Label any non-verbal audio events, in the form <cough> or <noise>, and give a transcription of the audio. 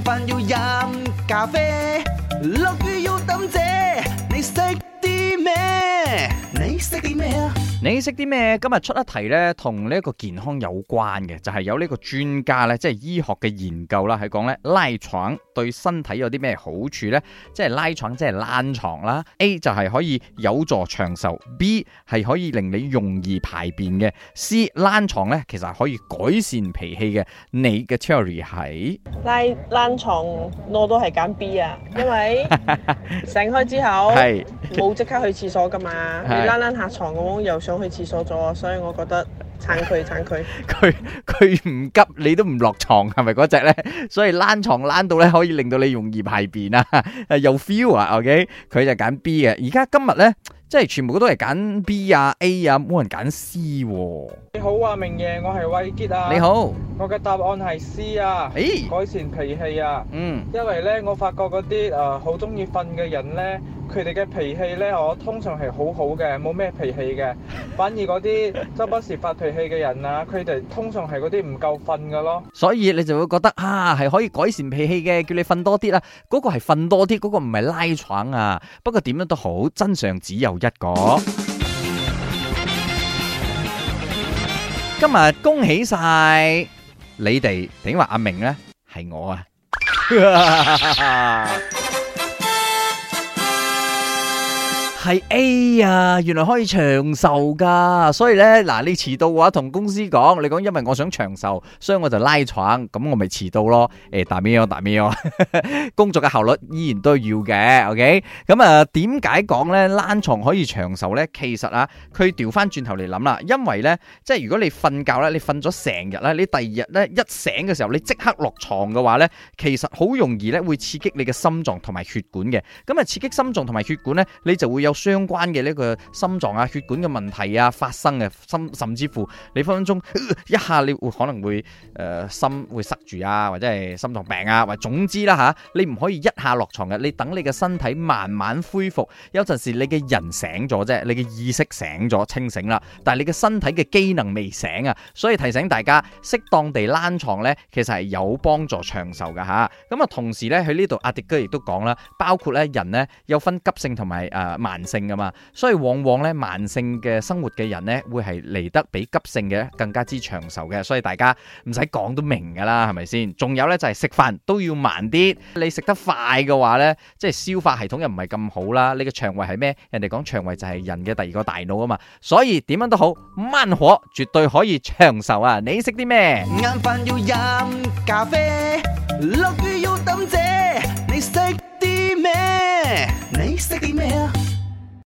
飯要飲咖啡，落雨要等遮。你識啲咩？你識啲咩啊？你識啲咩？今日出一題呢，同呢一個健康有關嘅，就係、是、有呢個專家呢，即係醫學嘅研究啦，係講呢，拉床對身體有啲咩好處呢？即係拉床即係懶床啦。A 就係可以有助長壽，B 係可以令你容易排便嘅。C 懶床呢，其實係可以改善脾氣嘅。你嘅 theory 係懶床，我都係揀 B 啊，因為醒開之後係冇即刻去廁所噶嘛， <laughs> 是 你懶懶下床想去廁所咗，所以我覺得撐佢撐佢，佢佢唔急，你都唔落床，係咪嗰隻咧？ <laughs> 所以躝床躝到咧，可以令到你容易排便啊！誒、 <laughs> okay?，有 feel 啊，OK？佢就揀 B 嘅。而家今日咧。即係全部都係揀 B 啊 A 啊，冇人揀 C。你好，啊，明夜，我係偉杰啊。你好，我嘅答案係 C 啊。誒改善脾氣啊，嗯，因為咧我發覺嗰啲誒好中意瞓嘅人咧，佢哋嘅脾氣咧，我通常係好好嘅，冇咩脾氣嘅。反而嗰啲周不時發脾氣嘅人啊，佢哋通常係嗰啲唔夠瞓嘅咯。所以你就會覺得啊，係可以改善脾氣嘅，叫你瞓多啲啦。嗰個係瞓多啲，嗰個唔係拉床啊。不過點樣都好，真相只有一個，今日恭喜晒你哋，點話阿明咧？係我啊！係 A 啊，原來可以長壽噶，所以咧，嗱，你遲到嘅話，同公司講，你講因為我想長壽，所以我就拉床，咁我咪遲到咯。誒，大咩啊，大咩啊，工作嘅效率依然都要嘅。OK，咁啊，點解講咧？拉床可以長壽咧？其實啊，佢調翻轉頭嚟諗啦，因為咧，即係如果你瞓覺咧，你瞓咗成日咧，你第二日咧一醒嘅時候，你即刻落床嘅話咧，其實好容易咧會刺激你嘅心臟同埋血管嘅。咁啊，刺激心臟同埋血管咧，你就會有。相關嘅呢個心臟啊、血管嘅問題啊發生嘅，甚甚至乎你分分鐘一下你會可能會誒心會塞住啊，或者係心臟病啊，或總之啦吓，你唔可以一下落床嘅，你等你嘅身體慢慢恢復。有陣時你嘅人醒咗啫，你嘅意識醒咗清醒啦，但係你嘅身體嘅機能未醒啊，所以提醒大家適當地賴床咧，其實係有幫助長壽嘅吓。咁啊，同時咧喺呢度阿迪哥亦都講啦，包括咧人咧有分急性同埋誒慢。慢性噶嘛，所以往往咧慢性嘅生活嘅人咧會係嚟得比急性嘅更加之長壽嘅，所以大家唔使講都明噶啦，係咪先？仲有咧就係食飯都要慢啲，你食得快嘅話咧，即係消化系統又唔係咁好啦。你嘅腸胃係咩？人哋講腸胃就係人嘅第二個大腦啊嘛，所以點樣都好，慢火絕對可以長壽啊！你食啲咩？食飯要飲咖啡，落雨要等姐，你食啲咩？你食啲咩啊？